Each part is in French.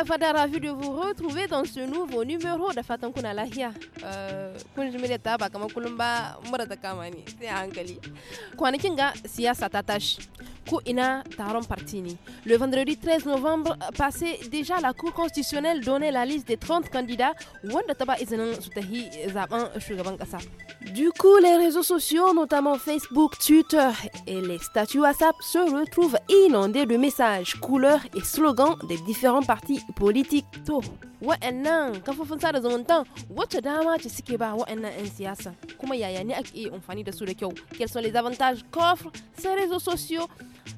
la Fada, ravi de vous retrouver dans ce nouveau numéro de Fatan Kuna Lahiya. Euh, kun ji mene ba kamar kullum ba kama ne sai a hankali. Kwanakin ga siyasa ta tashi. Le vendredi 13 novembre passé, déjà la Cour constitutionnelle donnait la liste des 30 candidats Du coup, les réseaux sociaux, notamment Facebook, Twitter et les statuts WhatsApp se retrouvent inondés de messages, couleurs et slogans des différents partis politiques wa'annan dama suke ba wa'annan 'yan siyasa kuma da su da quels sont les avantages qu'offrent ces réseaux sociaux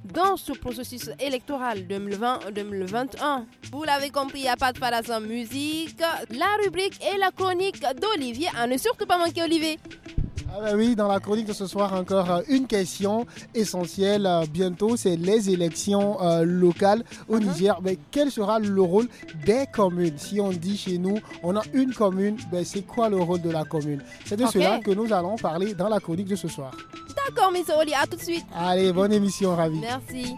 dans ce processus électoral 2020-2021. Vous l'avez compris, il n'y a pas de palace en musique. La rubrique et la chronique d'Olivier à ne surtout pas manquer Olivier. Ah bah oui, dans la chronique de ce soir, encore euh, une question essentielle. Euh, bientôt, c'est les élections euh, locales au uh-huh. Niger. Mais quel sera le rôle des communes Si on dit chez nous, on a une commune, ben, c'est quoi le rôle de la commune C'est de cela que nous allons parler dans la chronique de ce soir. D'accord, Miss Oli, à tout de suite. Allez, bonne émission, ravi. Merci.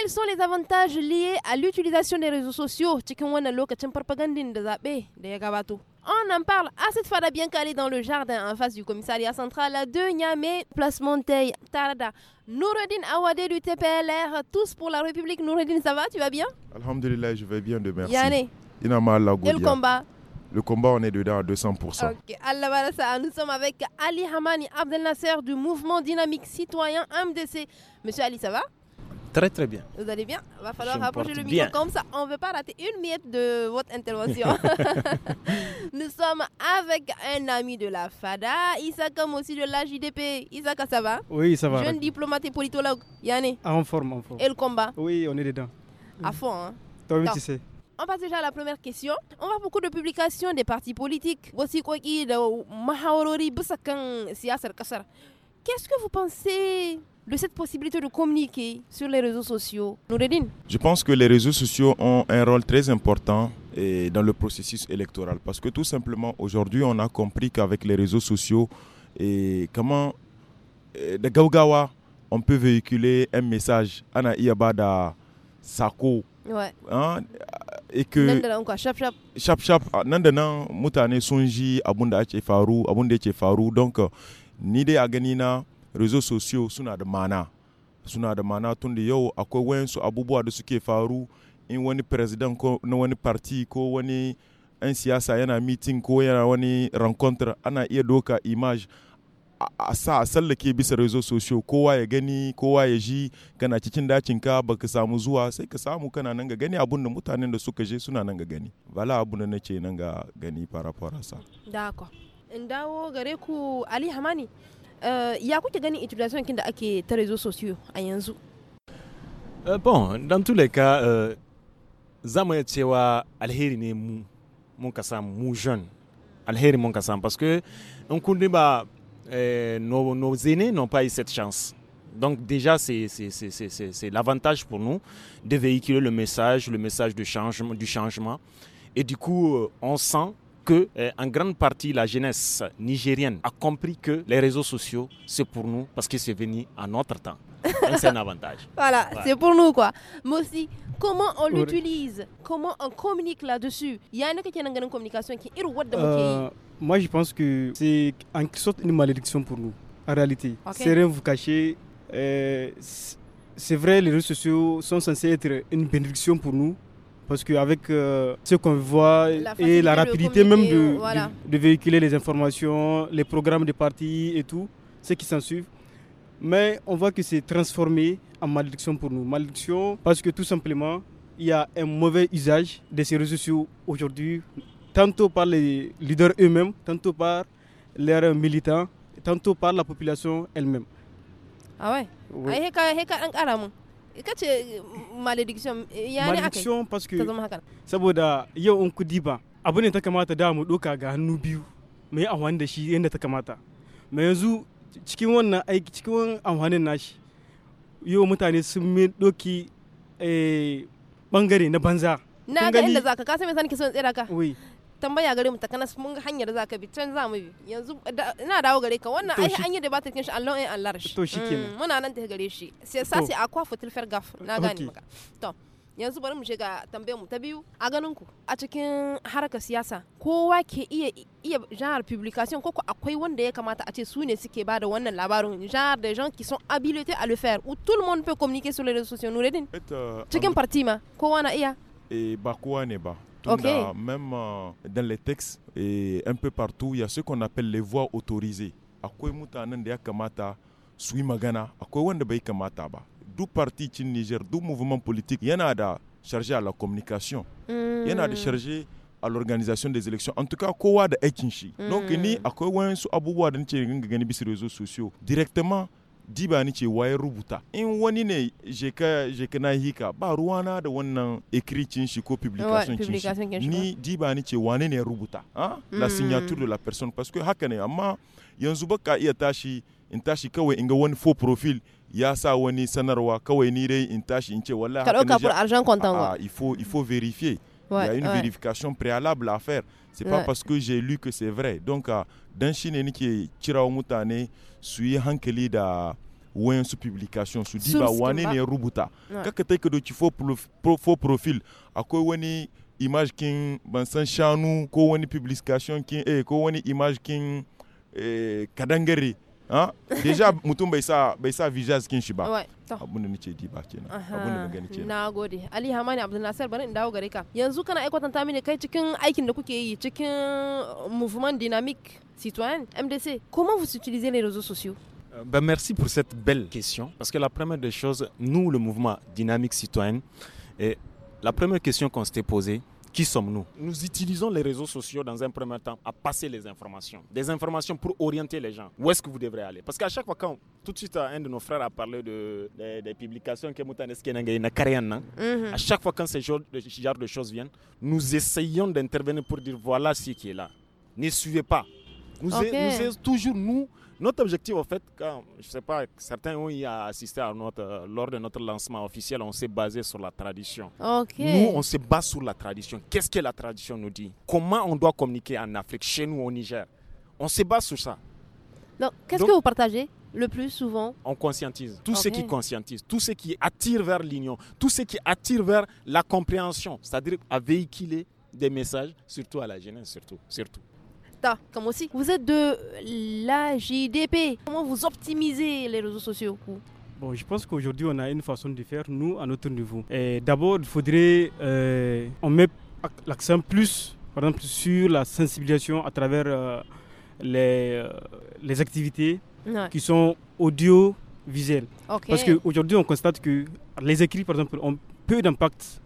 Quels sont les avantages liés à l'utilisation des réseaux sociaux eh, on en parle à cette fois bien calé dans le jardin en face du commissariat central de Niamey, place Monteil, Tarda, Noureddin Awadé du TPLR, tous pour la République. Noureddin, ça va Tu vas bien Alhamdulillah, je vais bien de merci. Et Le combat le combat, on est dedans à 200%. Ok, nous sommes avec Ali Hamani Abdel Nasser du mouvement dynamique citoyen MDC. Monsieur Ali, ça va Très très bien. Vous allez bien va falloir rapprocher le micro comme ça. On ne veut pas rater une miette de votre intervention. Nous sommes avec un ami de la FADA, mais aussi de la JDP. ça va Oui, ça va. Jeune diplomate et politologue. Yanné ah, En forme, en forme. Et le combat Oui, on est dedans. À fond, hein toi aussi, tu sais. On passe déjà à la première question. On voit beaucoup de publications des partis politiques. Voici quoi qui de Mahaorori Siasar Kassar. Qu'est-ce que vous pensez de cette possibilité de communiquer sur les réseaux sociaux Noureddin Je pense que les réseaux sociaux ont un rôle très important dans le processus électoral parce que tout simplement aujourd'hui on a compris qu'avec les réseaux sociaux et comment euh, de Gaugawa on peut véhiculer un message Ana Sako ouais. hein? et que chap chap chap ah, mutane abunda donc ni dai a gani na rezo sosiyo suna da mana suna da mana tun da yau akwai wayansu abubuwa da suke faru in wani president ko na wani parti ko wani 'yan siyasa yana meeting ko yana wani rencontre ana iya doka image a sa a sallake bisa rezo sosiyo kowa ya gani kowa ya ji kana cikin dacin ka baka samu zuwa sai ka samu kana nan ga gani abun da mutanen da suka je suna nan ga gani bala abun da nace nan ga gani fara fara sa in dawo gare ku ali hamani eh, ya kuke ganin utilization kin da ake ta rezo sosiyo a yanzu eh, bon dans tous les cas, eh, mu iya cewa alheri ne mu mun ka samu mu jeune alheri mun ka parce que in kun ba nos, aînés n'ont pas eu cette chance donc déjà, c'est l'avantage pour nous de véhiculer le message, le message de changement, du changement. Et du coup, on sent que, eh, en grande partie, la jeunesse nigérienne a compris que les réseaux sociaux, c'est pour nous parce que c'est venu à notre temps. C'est un avantage. voilà, c'est pour nous quoi. Mais aussi, comment on l'utilise, comment on communique là-dessus. Il y a qui une communication qui est euh, Moi, je pense que c'est en quelque sorte une malédiction pour nous, en réalité. C'est rien vous cacher. Euh, c'est vrai, les réseaux sociaux sont censés être une bénédiction pour nous, parce qu'avec euh, ce qu'on voit et la rapidité même de, de, véhiculer les informations, les programmes des partis et tout, ce qui s'en suit. Mais on voit que c'est transformé en malédiction pour nous. Malédiction parce que tout simplement, il y a un mauvais usage de ces réseaux sociaux aujourd'hui, tantôt par les leaders eux-mêmes, tantôt par leurs militants, tantôt par la population elle-même. Ah ouais? Oui. Ah, kace malediction ya malediction parce que saboda yau in kudi ba abu ne ta kamata da mu doka ga hannu biyu shi yadda ta kamata mai yanzu cikin wannan cikin amfanin nashi yau eh, na banza na ga zaka tambaya gare mu takanas mun ga hanyar za ka bi can za mu bi yanzu ina dawo gare ka wannan ai an yi ta kin shi Allah in Allah shi to shikenan mm, muna nan ta gare shi sai sa sai akwa futul fergaf na gane maka to yanzu bari mu shiga tambayar mu ta biyu a ganin ku a cikin harkar siyasa kowa ke iya iya genre publication koko akwai wanda ya kamata a ce su ne suke bada wannan labarin genre de gens qui sont habilités à le faire où tout le monde peut communiquer sur les réseaux sociaux nuredin euh, cikin parti ma kowa na iya eh ba kowa ne ba on a même euh, dans les textes et un peu partout, il y a ce qu'on appelle les voies autorisées. Akwai mutanen da ya kamata su yi magana, akwai wanda bai kamata ba. Duk parti cin Niger, duk mouvement politique yana da chargé à la communication, hmm. yana da chargé à l'organisation des élections en tout cas kowa da aikin shi donc hmm. ni akwai wayansu abubuwa da nake gani bisa réseaux sociaux directement diba ba ni ce waye rubuta in wani ne je kana hika ba ruwana da wannan ekiricin shi ko publication cin shi ni diba ba ni ce wane ne rubuta la mm. signature de la personne parce que haka ne amma yanzu ba baka iya tashi in tashi kawai in ga wani faux profil ya sa wani sanarwa kawai ni dai in tashi in ce wallahi haka ne il faut il faut vérifier il y a une vérification préalable à faire c'est pas parce que j'ai lu que c'est vrai donc euh, dan shine nake kirawo mutane su yi hankali da wayansu publication su diba wani ne ya rubuta kaka ta ka pour fo profil akwai wani image kin ban san shanu ko wani publication kin eh ko wani image kin eh, Hein? déjà mutum bai sa bai sa visas kin shi ba. Abun da nace di ba kenan. Abun da ban gani kenan. Nagode. Ali Hamani Abdul Nasir bari in gare ka. Yanzu kana tantami ne kai cikin aikin da kuke yi cikin mouvement dynamique citoyen MDC. Comment vous utilisez les réseaux sociaux euh, ben merci pour cette belle question. Parce que la première des choses, nous, le mouvement Dynamique Citoyenne, et la première question qu'on s'était posée, qui sommes-nous Nous utilisons les réseaux sociaux dans un premier temps à passer les informations. Des informations pour orienter les gens. Où est-ce que vous devrez aller Parce qu'à chaque fois, quand tout de suite euh, un de nos frères a parlé de, des publications que mhm. à chaque fois quand ce genre, de choses viennent, nous essayons d'intervenir pour dire voilà ce qui est là. Ne suivez pas. Nous, sommes toujours nous notre objectif, en fait, quand, je sais pas, certains ont assisté à notre, lors de notre lancement officiel, on s'est basé sur la tradition. Nous, on se base sur la tradition. Qu'est-ce que la tradition nous dit Comment on doit communiquer en Afrique, chez nous, au Niger On se base sur ça. Donc, qu'est-ce que vous partagez le plus souvent On conscientise. Tout ce qui conscientise, tout ce qui attire vers l'union, tout ce qui attire vers la compréhension, c'est-à-dire à véhiculer des messages, surtout à la jeunesse, surtout. surtout comme aussi. Vous êtes de la JDP. Comment vous optimisez les réseaux sociaux Bon, je pense qu'aujourd'hui, on a une façon de faire, nous, à notre niveau. Et D'abord, il faudrait. Euh, on met l'accent plus, par exemple, sur la sensibilisation à travers euh, les, euh, les activités qui sont audiovisuelles. Parce qu'aujourd'hui, on constate que les écrits, par exemple, ont peu d'impact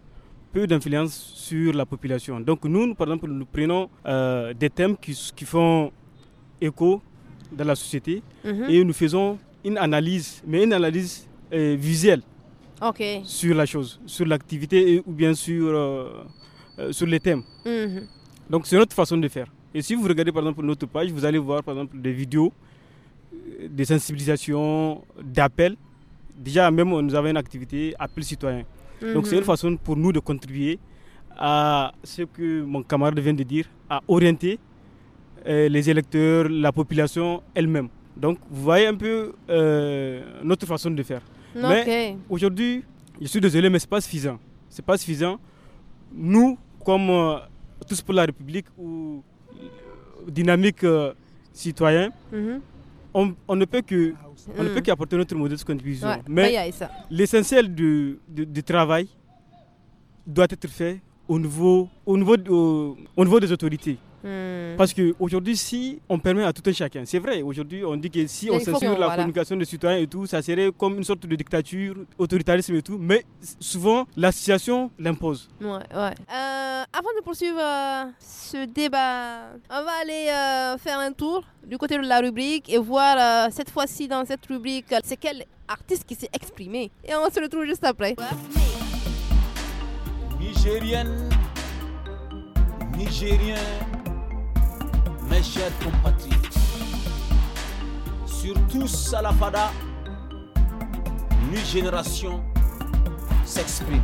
d'influence sur la population. Donc nous, par exemple, nous prenons euh, des thèmes qui, qui, font écho dans la société mhm. et nous faisons une analyse, mais une analyse euh, visuelle sur la chose, sur l'activité ou bien sur, euh, sur les thèmes. Mhm. Donc c'est notre façon de faire. Et si vous regardez par exemple notre page, vous allez voir par exemple des vidéos des sensibilisations, d'appels. Déjà même nous avons une activité appel citoyen. Donc c'est une mhm. façon pour nous de contribuer à ce que mon camarade vient de dire, à orienter euh, les électeurs, la population elle-même. Donc vous voyez un peu euh, notre façon de faire. Mais aujourd'hui, je suis désolé, mais ce n'est pas suffisant. Ce n'est pas suffisant. Nous, comme euh, tous pour la République ou dynamique citoyen, mhm on, ne peut que on ne peut hmm. qu'apporter notre de contribution. Mais l'essentiel du, travail doit être fait au niveau, au niveau, au niveau des autorités. Hmm. Parce qu'aujourd'hui, si on permet à tout un chacun, c'est vrai, aujourd'hui on dit que si on censure la communication des citoyens et tout, ça serait comme une sorte de dictature, autoritarisme et tout, mais souvent l'association l'impose. Ouais, euh, avant de poursuivre euh, ce débat, on va aller euh, faire un tour du côté de la rubrique et voir cette fois-ci dans cette rubrique c'est quel artiste qui s'est exprimé. Et on se retrouve juste après. Nigérienne, Nigérien mes chers compatriotes, surtout Salafada, une génération s'exprime.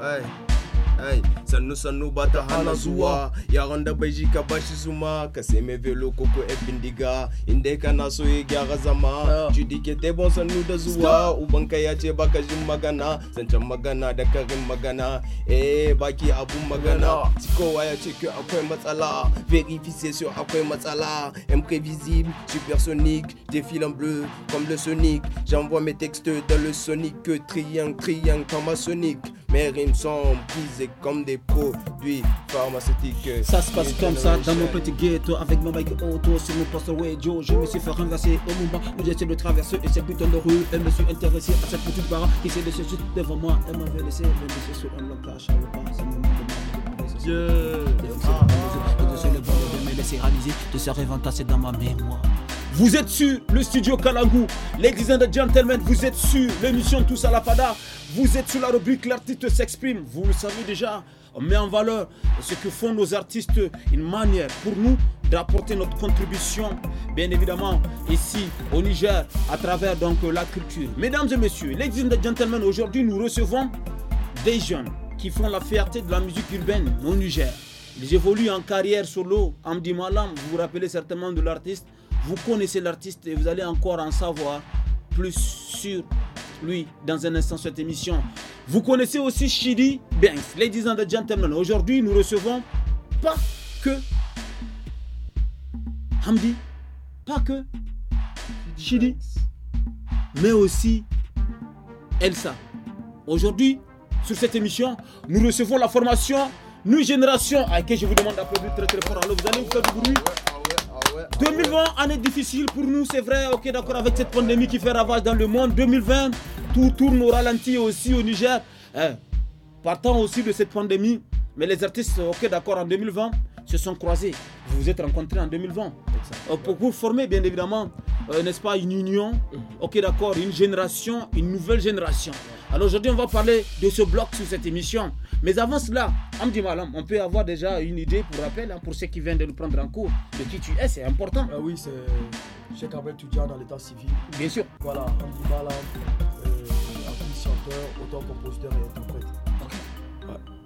Hey. Hey, ça sanu bata hana zuwa yaran da bai ji ka bashi zuma ka velo koko e bindiga inda kana so ya gyara zama judi ke bon sanu da zuwa ubanka ya ce magana zancen magana dakarim magana eh baki abou magana kowa ya ce akwai matsala sur akwai matsala imprévisible supersonique défile en bleu comme le sonic j'envoie mes textes dans le sonic triangle triangle comme un sonic mes rimes sont brisées comme des produits pharmaceutiques. Ça se passe comme ça dans mon petit ghetto avec ma bike auto sur mon poste radio. Je me suis fait renverser au moment où j'essaie de traverser et cette putain de rue. Et me suis intéressé à cette petite barre qui s'est laissée juste devant moi. Elle m'avait laissé me sur un blocage à le bonheur de ce rêve entassé dans ma mémoire. Vous êtes sur le studio Kalangou, ladies de gentlemen, vous êtes sur l'émission Tous à la Fada. Vous êtes sur la rubrique L'artiste s'exprime. Vous le savez déjà, on met en valeur ce que font nos artistes, une manière pour nous d'apporter notre contribution, bien évidemment, ici au Niger, à travers donc la culture. Mesdames et messieurs, ladies and gentlemen, aujourd'hui nous recevons des jeunes qui font la fierté de la musique urbaine au Niger. Ils évoluent en carrière solo, Amdi Malam, vous vous rappelez certainement de l'artiste, vous connaissez l'artiste et vous allez encore en savoir plus sur lui dans un instant sur cette émission. Vous connaissez aussi Shidi Banks. Ladies and gentlemen, aujourd'hui nous recevons pas que Hamdi, pas que Shidi, mais aussi Elsa. Aujourd'hui, sur cette émission, nous recevons la formation New Génération à qui je vous demande d'applaudir très très fort. Alors vous allez vous faire du bruit. 2020, année difficile pour nous, c'est vrai, ok, d'accord, avec cette pandémie qui fait ravage dans le monde. 2020, tout tourne au ralenti aussi au Niger. Eh, partant aussi de cette pandémie, mais les artistes, ok, d'accord, en 2020, se sont croisés. Vous vous êtes rencontrés en 2020. Euh, pour vous former, bien évidemment, euh, n'est-ce pas, une union. Mhm. Ok, d'accord, une génération, une nouvelle génération. Alors aujourd'hui, on va parler de ce bloc sur cette émission. Mais avant cela, Amdi Malam, on peut avoir déjà une idée, pour rappel, hein, pour ceux qui viennent de nous prendre en cours, de qui tu es, c'est important. Ah oui, c'est Cheikh Abel étudiant dans l'état civil. Bien sûr. Voilà, Amdi Malam, euh, chanteur, auteur, compositeur et interprète.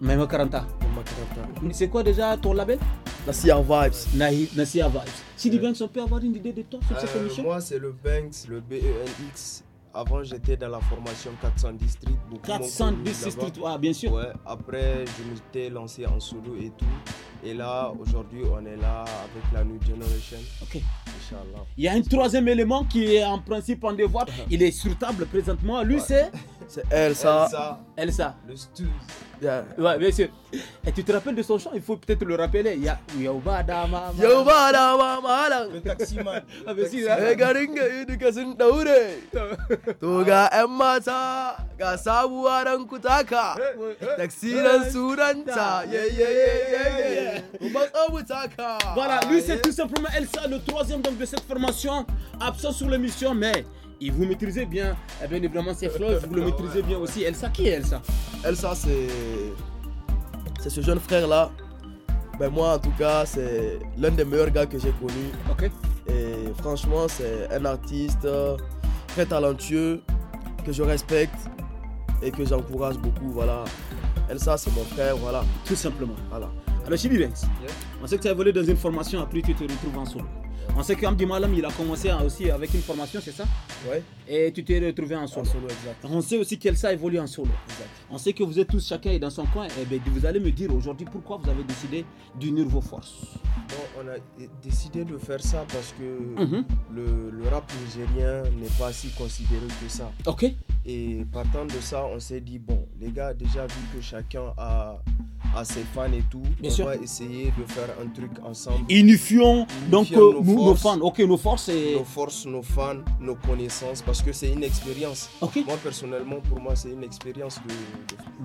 Même 40 ans. C'est quoi déjà ton label Nassia Vibes. Nasiya Nassia Vibes. Sidi Banks, on peut avoir une idée de toi sur cette euh, émission Moi, c'est le Banks, le B-E-N-X. Avant, j'étais dans la formation 410 Street. 410 Street, bien sûr. Ouais, après, je m'étais lancé en solo et tout. Et là, aujourd'hui, on est là avec la New Generation. Ok. Inch'Allah. Il y a un troisième élément qui est en principe en devoir. Uh-huh. Il est sur table présentement. Lui, c'est. C'est Elsa. Elsa. Elsa. Le Ouais, bien sûr. Et tu te rappelles de son chant Il faut peut-être le rappeler. Ya, Yauba Mama. Yauba Dama Malang. Le taximan. man ah, mais si, là. Regaringa Education Daure. Toga Emmata. Gasabu Arankutaka. Eh, eh, Taxiran eh. Suranta. Yeah, yeah, yeah, yeah, yeah. taka. Voilà, lui, c'est tout simplement Elsa, le troisième donc de cette formation. Absent sur l'émission, mais. Et vous maîtrisez bien, eh bien évidemment, ces fleurs, vous le maîtrisez bien aussi. Elsa, qui est Elsa Elsa, c'est. C'est ce jeune frère-là. Ben moi, en tout cas, c'est l'un des meilleurs gars que j'ai connu. Ok. Et franchement, c'est un artiste euh, très talentueux que je respecte et que j'encourage beaucoup. Voilà. Elsa, c'est mon frère, voilà. Tout simplement. Voilà. Alors, Chibi Benz, on sait que tu as volé dans une formation, après tu te retrouves en solo. On sait qu'Amdi Malam, il a commencé aussi avec une formation, c'est ça Ouais. Et tu t'es retrouvé en solo. On sait aussi qu'Elsa évolue en solo. On sait que vous êtes tous chacun est dans son coin. Et eh ben, vous allez me dire aujourd'hui pourquoi vous avez décidé d'unir vos forces. Bon, on a décidé de faire ça parce que mhm. le, le, rap nigérien n'est pas si considéré que ça. Ok. Et partant de ça, on s'est dit bon, les gars, déjà vu que chacun a, a ses fans et tout, on va essayer de faire un truc ensemble. Unifions, donc euh, nos, nos, forces, nos fans. Ok, nos forces et. Nos forces, nos fans, nos connaissances parce que c'est une expérience. Moi, personnellement, pour moi, c'est une expérience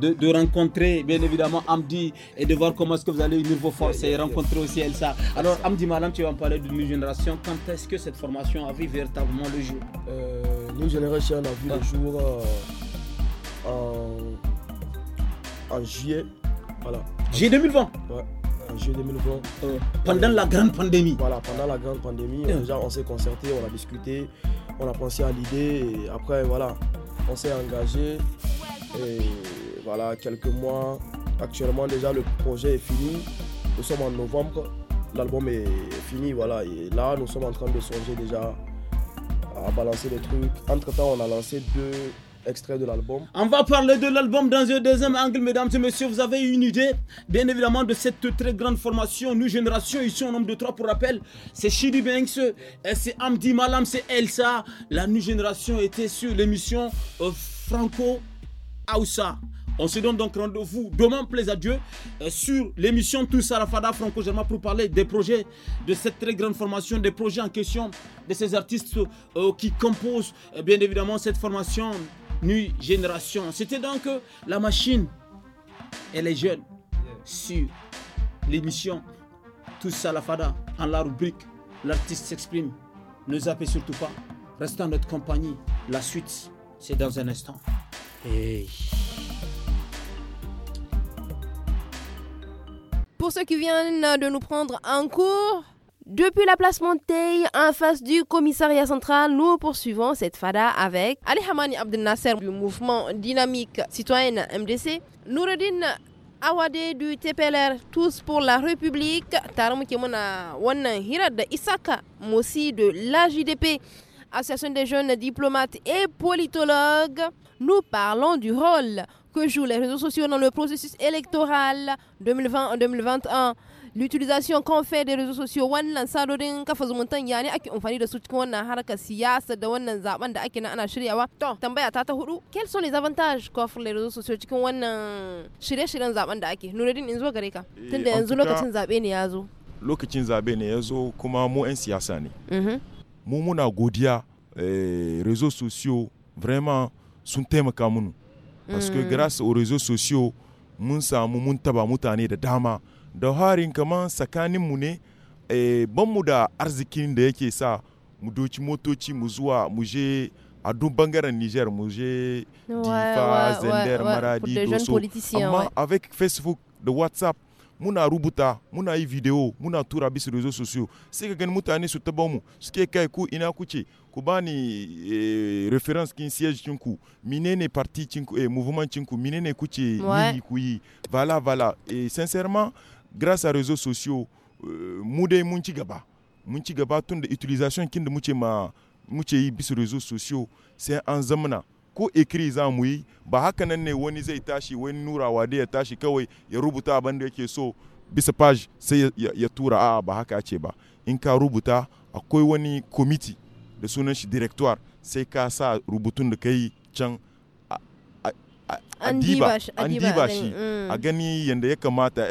de... rencontrer, bien évidemment, Amdi et de voir comment est-ce que vous allez une vos forces et rencontrer aussi Elsa. Alors, Amdi madame, tu vas me parler de New génération. Quand est-ce que cette formation a vu véritablement le jour euh, Nous, a vu le ah. jour euh, en, juillet. Voilà. Juillet 2020 en 2020. pendant la grande pandémie. Voilà, pendant la grande pandémie, déjà on s'est concerté, on a discuté, on a pensé à l'idée après voilà, on s'est engagé. Et voilà, quelques mois. Actuellement déjà le projet est fini. Nous sommes en novembre. L'album est fini, voilà. Et là, nous sommes en train de songer déjà à balancer des trucs. Entre-temps, on a lancé deux extrait de l'album. On va parler de l'album dans un deuxième angle, mesdames et messieurs. Vous avez une idée, bien évidemment, de cette très grande formation. Nous, Génération, ici, en nombre de trois pour rappel. C'est Shiri Banks, c'est Amdi Malam, c'est Elsa. La New Génération était sur l'émission euh, Franco Aoussa. On se donne donc rendez-vous demain, plaisir à Dieu, euh, sur l'émission Tous à Franco Germain pour parler des projets de cette très grande formation, des projets en question, de ces artistes euh, qui composent bien évidemment cette formation Nuit Génération, C'était donc euh, la machine et les jeunes sur l'émission Tous à la Fada en la rubrique L'artiste s'exprime. Ne zappez surtout pas. Restez en notre compagnie. La suite, c'est dans un instant. Pour ceux qui viennent de nous prendre en cours, depuis la place Monteil, en face du commissariat central, nous poursuivons cette fada avec Ali Hamani Abdel Nasser du mouvement Dynamique Citoyenne MDC, Noureddin Awade du TPLR Tous pour la République, Tarum Kimona Wannan Hirad Isaka Mossi de l'AJDP, Association des jeunes diplomates et politologues, nous parlons du rôle que jouent les réseaux sociaux dans le processus électoral 2020-2021. l'utilisation qu'on fait des réseaux sociaux wannan sadodin kafa zumuntan ya ne ake amfani da su cikin wannan harkar siyasa da wannan zaben da ake na ana shiryawa to tambaya ta ta hudu quels sont les avantages qu'offrent les réseaux sociaux cikin wannan shirye-shiryen zaben da ake nuruddin in zo gare ka eh, tunda yanzu lokacin zabe ne ya zo lokacin zabe ne ya zo kuma mu 'yan siyasa ne mhm. mu muna godiya eh, réseaux sociaux vraiment sun taimaka munu parce que mm. grâce aux réseaux sociaux mun samu mun taba mutane da dama da harin kaman tsakanin mu ne eh, ban arzikin da yake sa mu doci motoci mu zuwa a Niger mu je Difa, Zender, Maradi, Doso. Amma avec Facebook de WhatsApp muna rubuta muna yi video muna tura bisa rezo sai mutane su taba mu kai ku ina kuce ku eh, reference kin siège cinku menene parti cinku eh, mouvement mine menene kuce ku vala vala et sincèrement grâce à réseaux sociaux euh, mu dai mun ci gaba mun ci gaba tun da utilisation kin da muke ma muke yi bisa réseaux sociaux c'est an zamana ko ekiri za mu yi ba haka nan ne wani zai tashi wani nurawa da ya tashi kawai ya rubuta abin da yake so bisa page sai ya, tura a ba haka ce ba in ka rubuta akwai wani committee da sunan shi directoire sai ka sa rubutun da ka can a diba an yende shi mm. a gani yadda ya kamata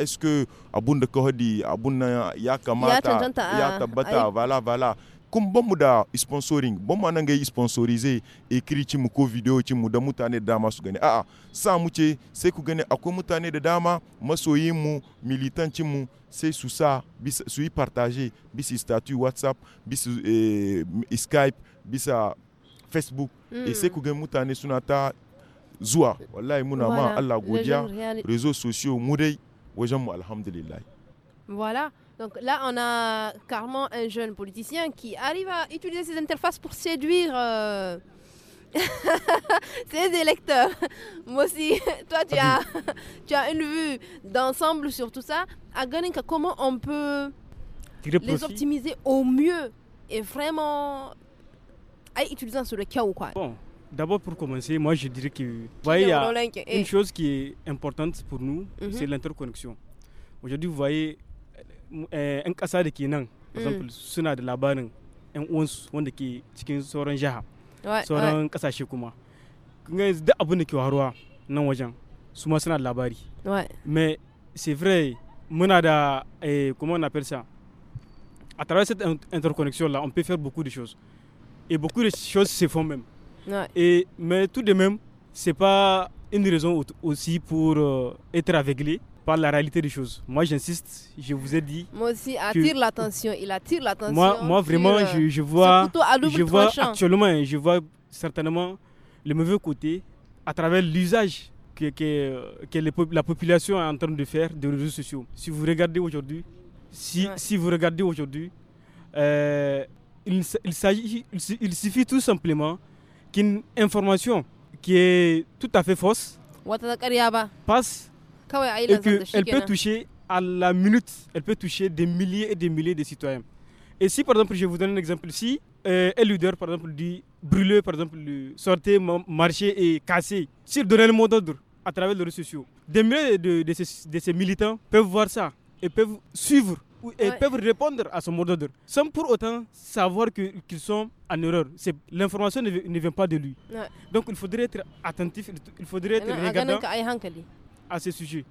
hadi abun yakamata ya tabata ya voilà vala vala sponsoring ban ma sponsoriser écrit ci mu ko vidéo ci mu da mutane da dama su ah ah sa mu ce sai ku gani akwai mutane da dama masoyin mu ci mu sai su sa su yi partage bisa statut whatsapp bisa eh, skype bisa facebook mm. c'est eh, sai ku gani mutane suna réseaux sociaux voilà donc là on a carrément un jeune politicien qui arrive à utiliser ces interfaces pour séduire euh, ses électeurs. Moi aussi, toi tu as, une vue d'ensemble sur tout ça. À comment on peut les optimiser au mieux et vraiment en utilisant sur le cas ou quoi. D'abord, pour commencer, moi je dirais que voyez, il y a eh. une chose qui est importante pour nous, mhm. c'est l'interconnexion. Aujourd'hui, vous voyez, euh, un kasa qui ke par mhm. exemple, suna da labarin un uwansu wanda ke cikin sauran jiha, sauran kasashe kuma. Kun yanzu duk abin da ke waruwa nan wajen, labari. Mais c'est vrai, muna da, eh, comment on appelle ça? À travers cette interconnexion-là, on peut faire beaucoup de choses. Et beaucoup de choses se font même. Et, mais tout de même, ce n'est pas une raison aussi pour euh, être aveuglé par la réalité des choses. Moi, j'insiste, je vous ai dit. Moi aussi, attire l'attention. Il attire l'attention. Moi, moi vraiment, je, je, vois, je vois actuellement, je vois certainement le mauvais côté à travers l'usage que, que, que la population est en train de faire des réseaux sociaux. Si vous regardez aujourd'hui, si, si vous regardez aujourd'hui, euh, il, il suffit tout simplement qu'une information qui est tout à fait fausse passe et qu'elle peut toucher à la minute, elle peut toucher des milliers et des milliers de citoyens. Et si, par exemple, je vous donne un exemple, si euh, un leader, par exemple, dit brûler, par exemple, sortir, marcher et casser, s'il donnait le mot d'ordre à travers les réseaux sociaux, des milliers de ces militants peuvent voir ça et peuvent suivre et peuvent répondre à ce mot d'ordre sans pour autant savoir qu'ils sont en erreur. L'information ne, vient pas de lui. Donc il faudrait être attentif, il faudrait être regardant. à ce sujet.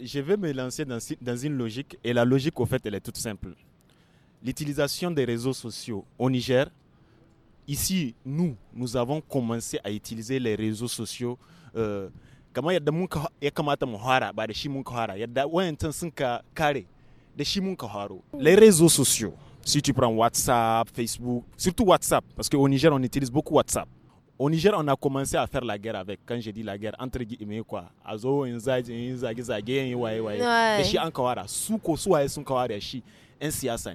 je. vais me lancer dans, dans une logique et la logique au fait elle est toute simple. L'utilisation des réseaux sociaux au Niger ici, nous, nous avons commencé à utiliser les réseaux sociaux. Euh, kamar yadda mun ya kamata mu hara ba da shi mun Y a wayancan sun ka kare da shi mun haro les réseaux sociaux si tu prends WhatsApp Facebook surtout WhatsApp parce qu'au Niger on utilise beaucoup WhatsApp au Niger on a commencé à faire la guerre avec quand j'ai dit la guerre entre guillemets quoi Azo zo in zage in zage zage in waye waye da shi an kawara su ko su waye sun kawara shi yan siyasa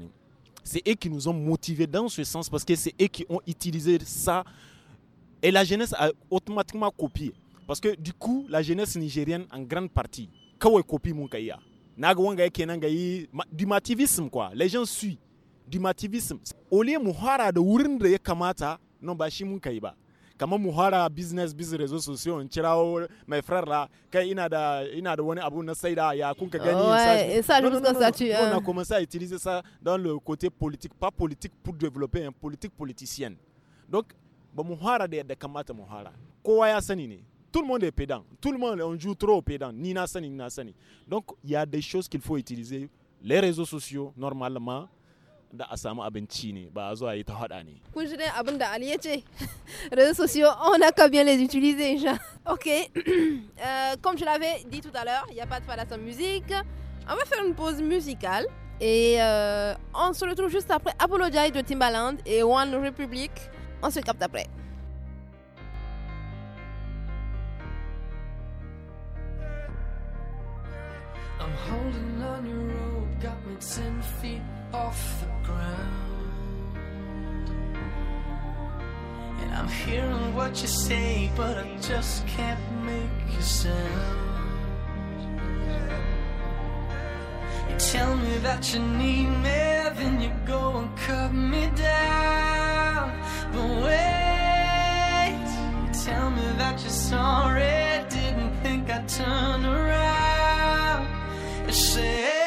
c'est eux qui nous ont motivés dans ce sens parce que c'est eux qui ont utilisé ça. Et la jeunesse a automatiquement copié. Parce que du coup, la jeunesse nigérienne, en grande partie, quand elle copie kaya, du mativisme quoi. Les gens suivent du mativisme. Au de non, bah, kamar mu fara business business réseaux sociaux, in kirawo mai frarra kai ina da ina da wani abu na saida ya kun ka gani ça on a commencé à utiliser ça dans le côté politique pas politique pour développer un hein, politique politicienne donc ba mu fara da yadda kamata mu kowa ya sani ne tout le monde est pédant tout le monde on joue trop pédant ni na sani ni na sani donc il y a des choses qu'il faut utiliser les réseaux sociaux normalement da a samu abinci ne ba a zuwa yi ta hada ne kun shi dai abin da Ali ya ce réseaux sociaux on a qu'à bien les utiliser déjà ok euh, comme je l'avais dit tout à l'heure il n'y a pas de fada sans musique on va faire une pause musicale et euh, on se retrouve juste après Apologize de Timbaland et One Republic on se capte après I'm holding on your rope, got me feet off I'm hearing what you say, but I just can't make a sound. You tell me that you need me, then you go and cut me down. But wait, you tell me that you're sorry, didn't think I'd turn around and say.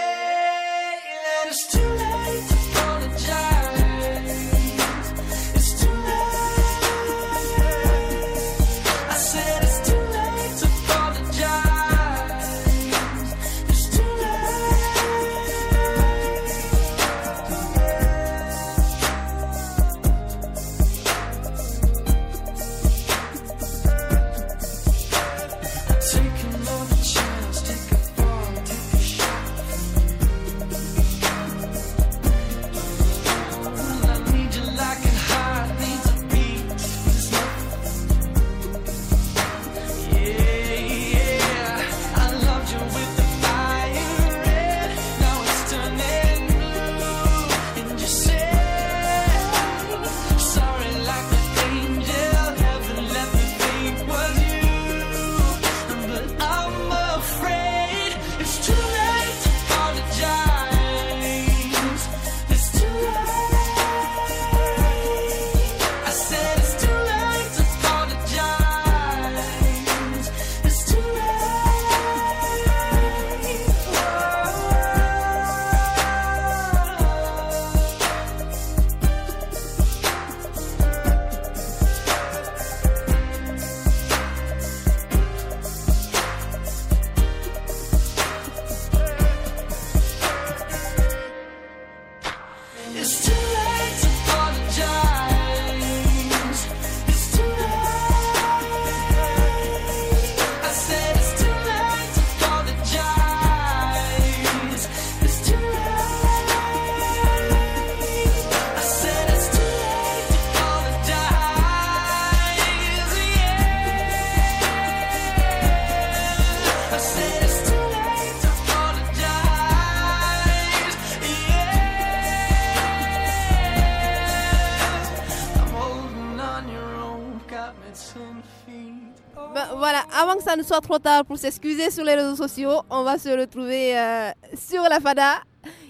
soit trop tard pour s'excuser sur les réseaux sociaux. On va se retrouver euh, sur la FADA,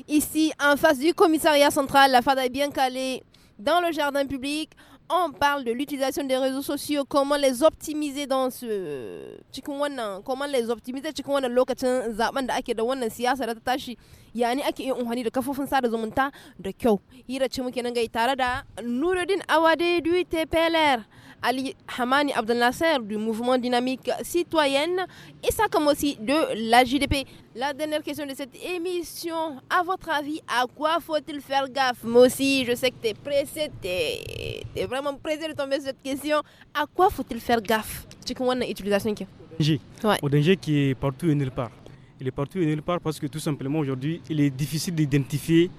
ici en face du commissariat central. La FADA est bien calée dans le jardin public. On parle de l'utilisation des réseaux sociaux, comment les optimiser dans ce cikin wannan, comment les optimiser cikin wannan lokacin zaben da ake da wannan siyasa da ta tashi. Yani ake yin unhani da kafofin sada zumunta da kyau. Hira ce muke nan ga tare da Nuruddin Awade du TPLR. Ali Hamani Abdel Nasser du mouvement dynamique citoyenne et ça comme aussi de la JDP. La dernière question de cette émission, à votre avis, à quoi faut-il faire gaffe Moi aussi, je sais que tu es pressé, tu es, vraiment pressé de tomber sur cette question. À quoi faut-il faire gaffe Tu connais utilisation qui Au danger qui est partout et nulle part. Il est partout et nulle part parce que tout simplement aujourd'hui, il est difficile d'identifier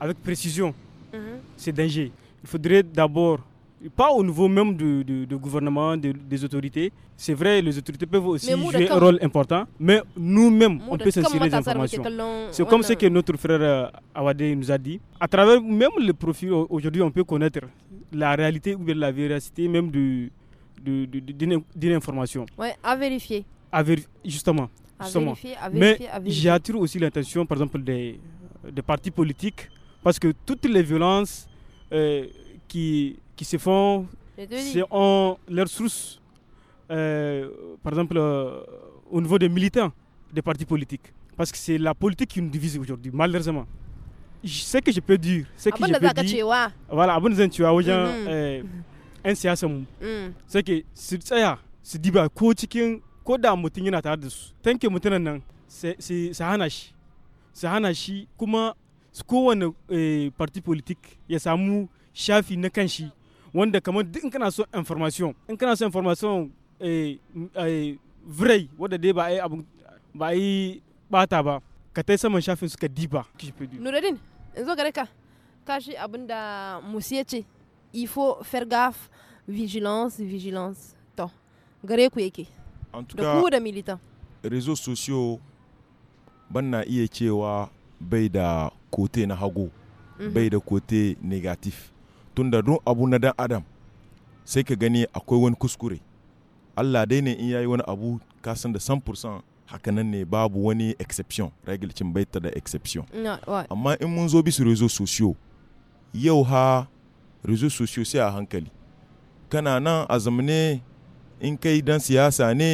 avec précision C'est mhm. ces dangers. Il faudrait d'abord pas au niveau même du, gouvernement, des autorités. C'est vrai, les autorités peuvent aussi jouer un rôle important, mais nous-mêmes, on peut s'insérer des informations. C'est comme ce que notre frère euh, Awadé nous a dit. À travers même le profil, aujourd'hui, on peut connaître la réalité ou bien la véracité même d'une information. Oui, à vérifier. justement. À Vérifier, à vérifier, j'attire aussi l'intention par exemple, des, partis politiques, parce que toutes les violences euh, qui qui se font c'est en leurs sources, euh, par exemple, euh, au niveau des militants des partis politiques. Parce que c'est la politique qui nous divise aujourd'hui, malheureusement. Ce que je peux dire, c'est que je peux dire... Voilà, abonne tu as que c'est ça, c'est Sai ke su tsaya su diba ko cikin ko da mutum yana tare da su. Tanke mutumin nan su hana shi. Su hana shi kuma kowane parti politik ya samu shafi na kanshi wanda kamar duk in information in kana so information eh, eh, vrai wanda dai ba a abu ba bata ba ka tai saman shafin suka in zo gare ka ce ifo fergaf vigilance vigilance to gare ku yake da sociaux ban na iya cewa bai da kote na hago mhm. bai tunda don abu na dan adam sai ka gani akwai wani kuskure allah dai ne in yi wani abu ka san da 100% nan ne babu wani exception regilcin baita da exception amma in mun zo bisu rezo sosiyo yau ha rezo sosiyo sai a hankali kana nan a ne in kai dan siyasa ne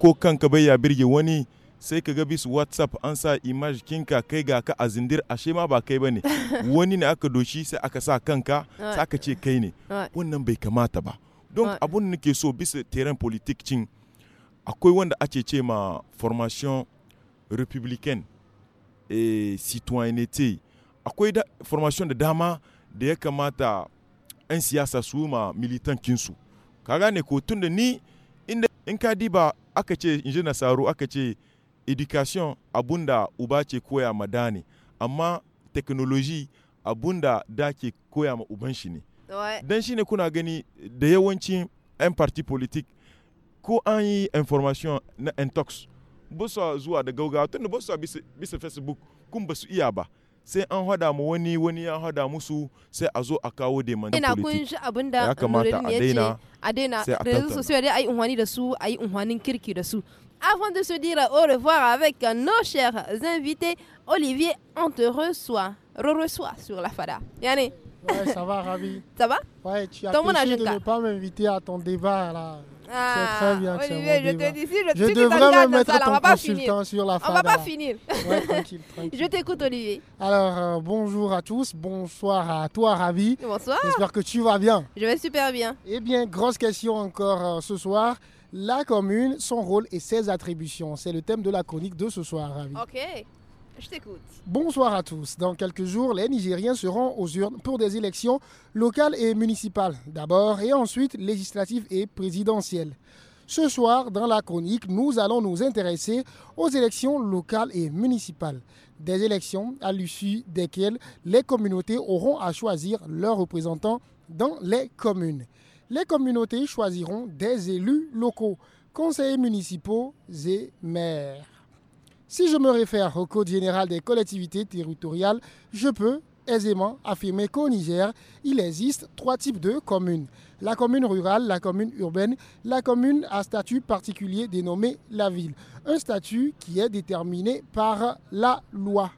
ko kanka bai ya birge wani sai ka ga bisu whatsapp an sa image kinka kai ga ka a zindir ashe ma ba kai ba bane wani ne aka doshi sai aka sa kanka sai aka ce kai ne wannan bai kamata ba don abun nake so bisa teren politik cin akwai wanda ake ce ma formation republican et citoyenneté akwai da formation da dama da ya kamata 'yan siyasa su ma militancinsu ka gane ko tun da ni inda in ka diba aka ce injina nasaru aka ce education abunda uba ce koya ma da ne amma technology abunda da ke koya ma uban shi ne dan shi ne kuna gani da yawancin 'yan parti politik ko an yi information na intox ba zuwa da gaugawa tunda ba bisa, bisa facebook kun ba iya ba C'est an hada mu wani musu sai a zo a kawo ina kun ya kamata a unhwanin kirki da Avant de se dire au revoir avec nos chers invités, Olivier, on te reçoit, re-reçoit sur la FADA. Yanné Ouais, ça va, Ravi. Ça va Ouais, tu as de ne pas m'inviter à ton débat là c'est ah, très bien. Olivier, bon je débat. te dis, si je, je devrais me mettre ça, ton consultant sur la fin. On va pas finir. Ouais, tranquille, tranquille. Je t'écoute, Olivier. Alors, euh, bonjour à tous. Bonsoir à toi, Ravi. Bonsoir. J'espère que tu vas bien. Je vais super bien. Eh bien, grosse question encore euh, ce soir. La commune, son rôle et ses attributions. C'est le thème de la chronique de ce soir, Ravi. Ok. Je t'écoute. Bonsoir à tous. Dans quelques jours, les Nigériens seront aux urnes pour des élections locales et municipales d'abord et ensuite législatives et présidentielles. Ce soir, dans la chronique, nous allons nous intéresser aux élections locales et municipales. Des élections à l'issue desquelles les communautés auront à choisir leurs représentants dans les communes. Les communautés choisiront des élus locaux, conseillers municipaux et maires. Si je me réfère au Code général des collectivités territoriales, je peux aisément affirmer qu'au Niger, il existe trois types de communes. La commune rurale, la commune urbaine, la commune à statut particulier dénommée la ville. Un statut qui est déterminé par la loi.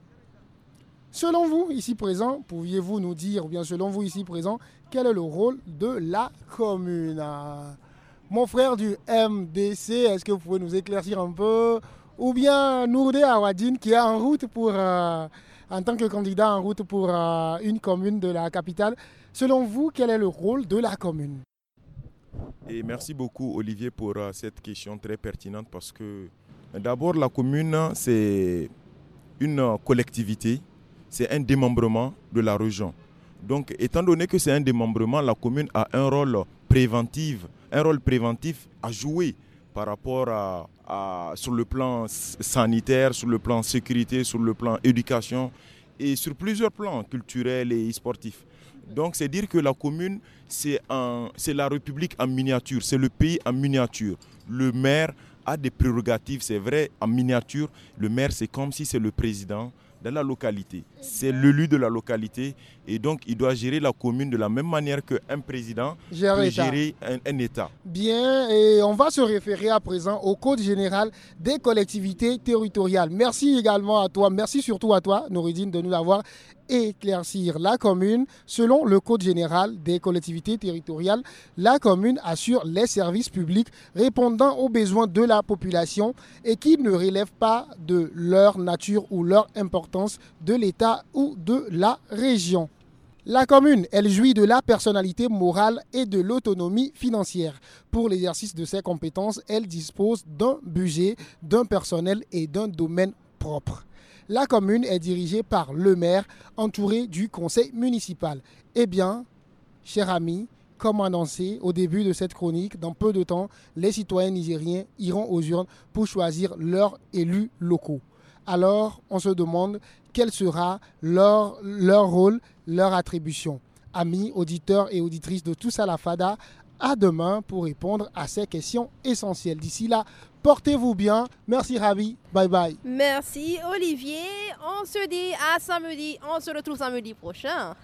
Selon vous, ici présent, pouviez vous nous dire, ou bien selon vous, ici présent, quel est le rôle de la commune Mon frère du MDC, est-ce que vous pouvez nous éclaircir un peu ou bien Nourdé Awadine qui est en route pour, euh, en tant que candidat en route pour euh, une commune de la capitale. Selon vous, quel est le rôle de la commune Et merci beaucoup Olivier pour euh, cette question très pertinente parce que d'abord la commune c'est une collectivité, c'est un démembrement de la région. Donc étant donné que c'est un démembrement, la commune a un rôle préventif, un rôle préventif à jouer par rapport à, sur le plan sanitaire, sur le plan sécurité, sur le plan éducation et sur plusieurs plans culturels et sportifs. Donc c'est dire que la commune, c'est la République en miniature, c'est le pays en miniature. Le maire a des prérogatives, c'est vrai, en miniature. Le maire, c'est comme si c'est le président dans la localité. C'est l'élu de la localité et donc il doit gérer la commune de la même manière qu'un président Gère gérer un, État. Bien, et on va se référer à présent au Code général des collectivités territoriales. Merci également à toi, merci surtout à toi, Nouridine, de nous l'avoir éclaircir la commune. Selon le Code général des collectivités territoriales, la commune assure les services publics répondant aux besoins de la population et qui ne relèvent pas de leur nature ou leur importance de l'État ou de la région. La commune, elle jouit de la personnalité morale et de l'autonomie financière. Pour l'exercice de ses compétences, elle dispose d'un budget, d'un personnel et d'un domaine propre. La commune est dirigée par le maire, entouré du conseil municipal. Eh bien, chers amis, comme annoncé au début de cette chronique, dans peu de temps, les citoyens nigériens iront aux urnes pour choisir leurs élus locaux. Alors, on se demande quel sera leur, rôle, leur attribution. Amis, auditeurs et auditrices de tout à Fada, à demain pour répondre à ces questions essentielles. D'ici là, portez-vous bien. Merci Ravi. Bye bye. Merci Olivier. On se dit à samedi. On se retrouve samedi prochain.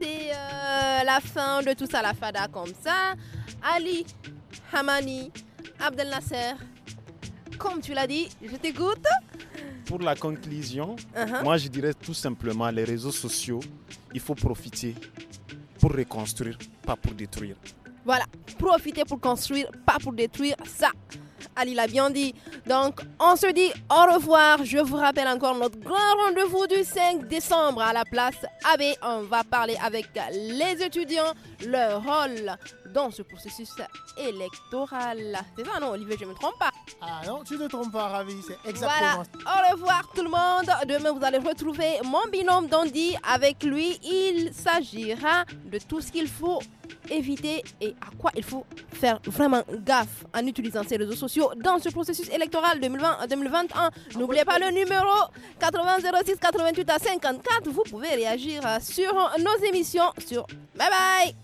C'est euh, la fin de tout ça, la fada comme ça. Ali, Hamani, Abdel Nasser, comme tu l'as dit, je t'écoute pour la conclusion, uh-huh. moi je dirais tout simplement les réseaux sociaux, il faut profiter pour reconstruire, pas pour détruire. Voilà, profiter pour construire, pas pour détruire, ça. Ali l'a bien dit. Donc, on se dit au revoir. Je vous rappelle encore notre grand rendez-vous du 5 décembre à la place AB. On va parler avec les étudiants, leur rôle dans ce processus électoral. C'est ça, non, Olivier, je ne me trompe pas. Ah non, tu ne te trompes pas, Ravi, c'est exactement voilà. Au revoir tout le monde. Demain, vous allez retrouver mon binôme Dandy. Avec lui, il s'agira de tout ce qu'il faut éviter et à quoi il faut faire vraiment gaffe en utilisant ces réseaux sociaux dans ce processus électoral 2020-2021. N'oubliez pas le numéro 80 06 88 à 54. Vous pouvez réagir sur nos émissions sur Bye Bye